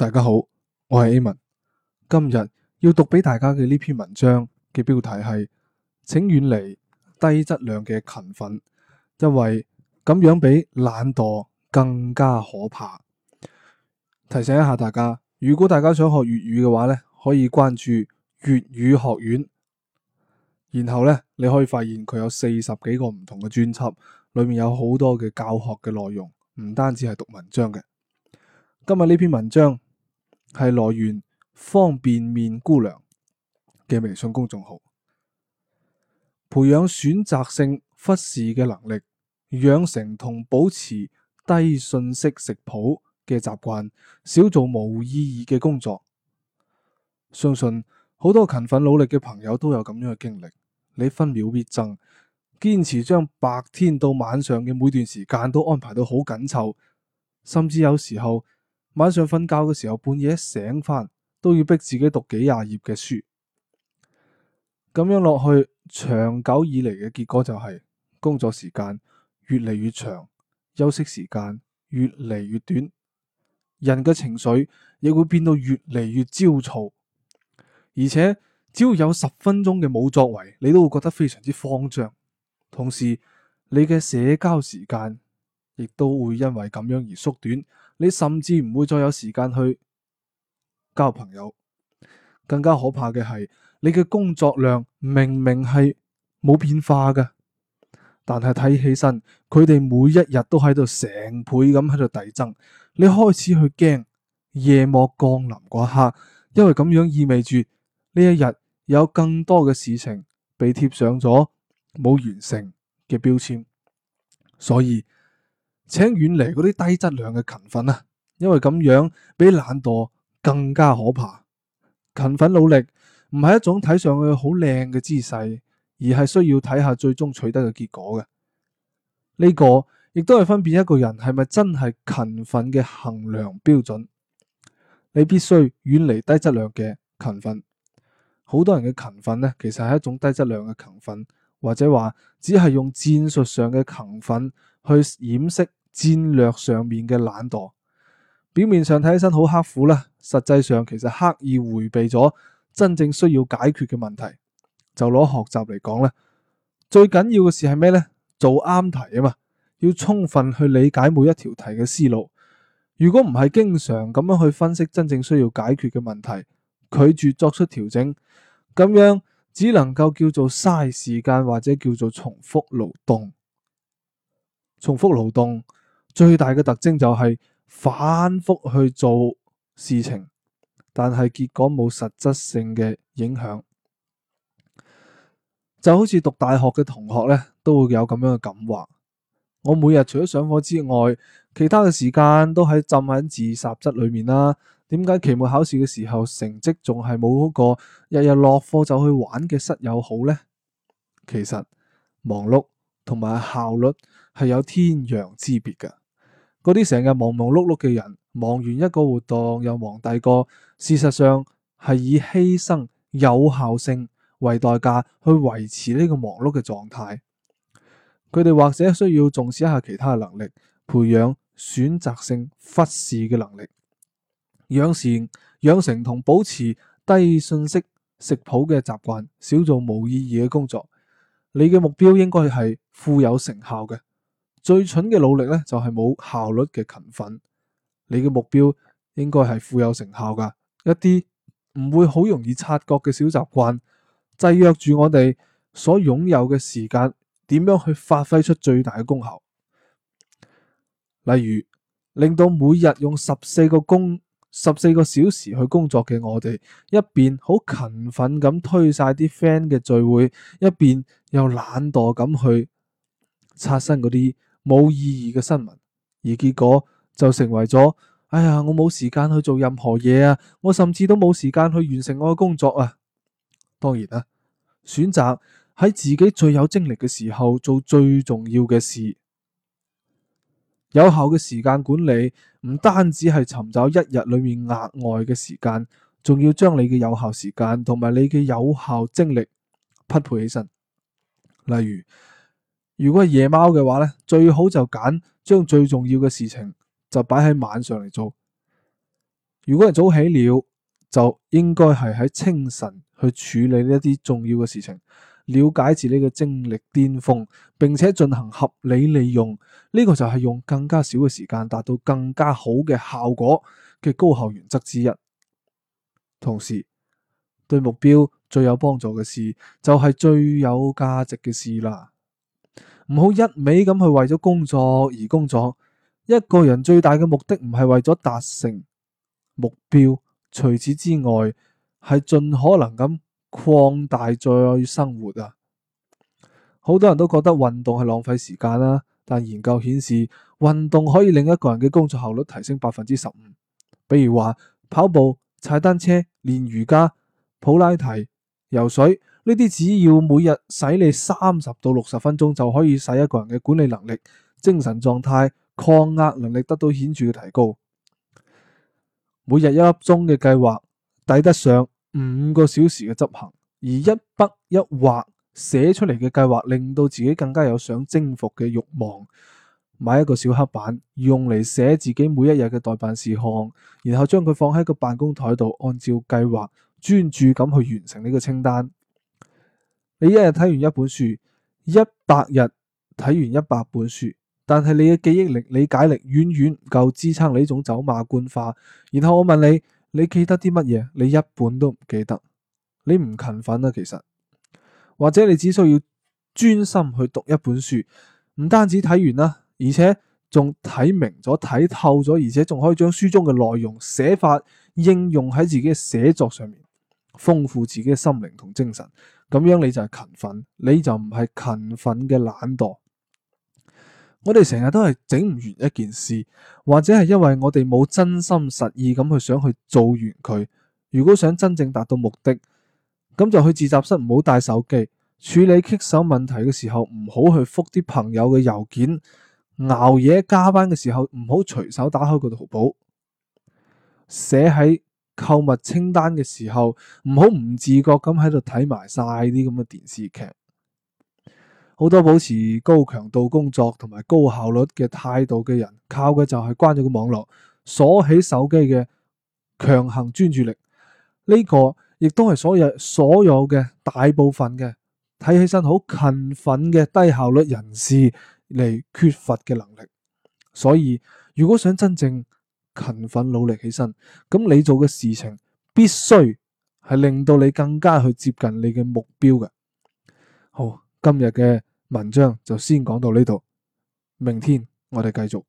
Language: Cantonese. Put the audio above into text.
大家好，我係 Amen，今日要讀俾大家嘅呢篇文章嘅標題係，請遠離低質量嘅勤奮，因為咁樣比懶惰更加可怕。提醒一下大家，如果大家想學粵語嘅話呢，可以關注粵語學院，然後呢，你可以發現佢有四十幾個唔同嘅專輯，裏面有好多嘅教學嘅內容，唔單止係讀文章嘅。今日呢篇文章係來源方便麵姑娘嘅微信公眾號。培養選擇性忽視嘅能力，養成同保持低信息食譜嘅習慣，少做無意義嘅工作。相信好多勤奮努力嘅朋友都有咁樣嘅經歷。你分秒必爭，堅持將白天到晚上嘅每段時間都安排到好緊湊，甚至有時候。晚上瞓覺嘅時候，半夜醒翻都要逼自己讀幾廿頁嘅書，咁樣落去，長久以嚟嘅結果就係工作時間越嚟越長，休息時間越嚟越短，人嘅情緒亦會變到越嚟越焦躁，而且只要有十分鐘嘅冇作為，你都會覺得非常之慌張。同時，你嘅社交時間亦都會因為咁樣而縮短。你甚至唔會再有時間去交朋友，更加可怕嘅係你嘅工作量明明係冇變化㗎，但係睇起身佢哋每一日都喺度成倍咁喺度遞增，你開始去驚夜幕降臨嗰刻，因為咁樣意味住呢一日有更多嘅事情被貼上咗冇完成嘅標籤，所以。請遠離嗰啲低質量嘅勤奮啊，因為咁樣比懶惰更加可怕。勤奮努力唔係一種睇上去好靚嘅姿勢，而係需要睇下最終取得嘅結果嘅。呢個亦都係分辨一個人係咪真係勤奮嘅衡量標準。你必須遠離低質量嘅勤奮。好多人嘅勤奮呢，其實係一種低質量嘅勤奮，或者話只係用戰術上嘅勤奮去掩飾。戰略上面嘅懶惰，表面上睇起身好刻苦啦，實際上其實刻意回避咗真正需要解決嘅問題。就攞學習嚟講啦，最緊要嘅事係咩呢？做啱題啊嘛，要充分去理解每一條題嘅思路。如果唔係經常咁樣去分析真正需要解決嘅問題，拒絕作出調整，咁樣只能夠叫做嘥時間，或者叫做重複勞動。重複勞動。最大嘅特徵就係反復去做事情，但係結果冇實質性嘅影響。就好似讀大學嘅同學呢，都會有咁樣嘅感覺。我每日除咗上課之外，其他嘅時間都喺浸喺自習室裏面啦。點解期末考試嘅時候成績仲係冇嗰個日日落課就去玩嘅室友好呢？其實忙碌同埋效率係有天壤之別嘅。嗰啲成日忙忙碌碌嘅人，忙完一個活動又忙第二個，事實上係以犧牲有效性為代價去維持呢個忙碌嘅狀態。佢哋或者需要重視一下其他嘅能力，培養選擇性忽視嘅能力，養成養成同保持低信息食譜嘅習慣，少做無意義嘅工作。你嘅目標應該係富有成效嘅。最蠢嘅努力咧，就係、是、冇效率嘅勤奮。你嘅目標應該係富有成效㗎。一啲唔會好容易察覺嘅小習慣，制約住我哋所擁有嘅時間，點樣去發揮出最大嘅功效？例如令到每日用十四個工、十四個小時去工作嘅我哋，一邊好勤奮咁推晒啲 friend 嘅聚會，一邊又懶惰咁去刷新嗰啲。冇意義嘅新聞，而結果就成為咗，哎呀，我冇時間去做任何嘢啊，我甚至都冇時間去完成我嘅工作啊。當然啦，選擇喺自己最有精力嘅時候做最重要嘅事。有效嘅時間管理唔單止係尋找一日裏面額外嘅時間，仲要將你嘅有效時間同埋你嘅有效精力匹配起身，例如，如果係夜貓嘅話呢，最好就揀將最重要嘅事情就擺喺晚上嚟做。如果係早起了，就應該係喺清晨去處理一啲重要嘅事情，了解自己嘅精力巔峰，並且進行合理利用。呢、呢個就係用更加少嘅時間達到更加好嘅效果嘅高效原則之一。同時，對目標最有幫助嘅事就係、是、最有價值嘅事啦。唔好一味咁去為咗工作而工作。一個人最大嘅目的唔係為咗達成目標，除此之外，係盡可能咁擴大在生活啊。好多人都覺得運動係浪費時間啦，但研究顯示，運動可以令一個人嘅工作效率提升百分之十五。比如話跑步、踩單車、練瑜伽、普拉提、游水。呢啲只要每日使你三十到六十分鐘，就可以使一個人嘅管理能力、精神狀態、抗壓能力得到顯著嘅提高。每日一粒鐘嘅計劃抵得上五個小時嘅執行，而一筆一劃寫出嚟嘅計劃，令到自己更加有想征服嘅慾望。買一個小黑板，用嚟寫自己每一日嘅待辦事項，然後將佢放喺個辦公台度，按照計劃專注咁去完成呢個清單。你一日睇完一本書，一百日睇完一百本書，但係你嘅記憶力、理解力遠遠唔夠支撐你呢種走馬觀花。然後我問你，你記得啲乜嘢？你一本都唔記得，你唔勤奮啦啊。其實或者你只需要專心去讀一本書，唔單止睇完啦，而且仲睇明咗、睇透咗，而且仲可以將書中嘅內容寫法應用喺自己嘅寫作上面，豐富自己嘅心靈同精神。咁樣你就係勤奮，你就唔係勤奮嘅懶惰。我哋成日都係整唔完一件事，或者係因為我哋冇真心實意咁去想去做完佢。如果想真正達到目的，咁就去自習室唔好帶手機，處理棘手問題嘅時候唔好去覆啲朋友嘅郵件，熬夜加班嘅時候唔好隨手打開個淘寶，寫喺。購物清單嘅時候，唔好唔自覺咁喺度睇埋晒啲咁嘅電視劇。好多保持高強度工作同埋高效率嘅態度嘅人，靠嘅就係關咗個網絡，鎖起手機嘅強行專注力。呢個亦都係所有所有嘅大部分嘅睇起身好勤奮嘅低效率人士嚟缺乏嘅能力。所以如果想真正，勤奮努力起身，咁你做嘅事情必須係令到你更加去接近你嘅目標㗎。好，今日嘅文章就先講到呢度，明天我哋繼續。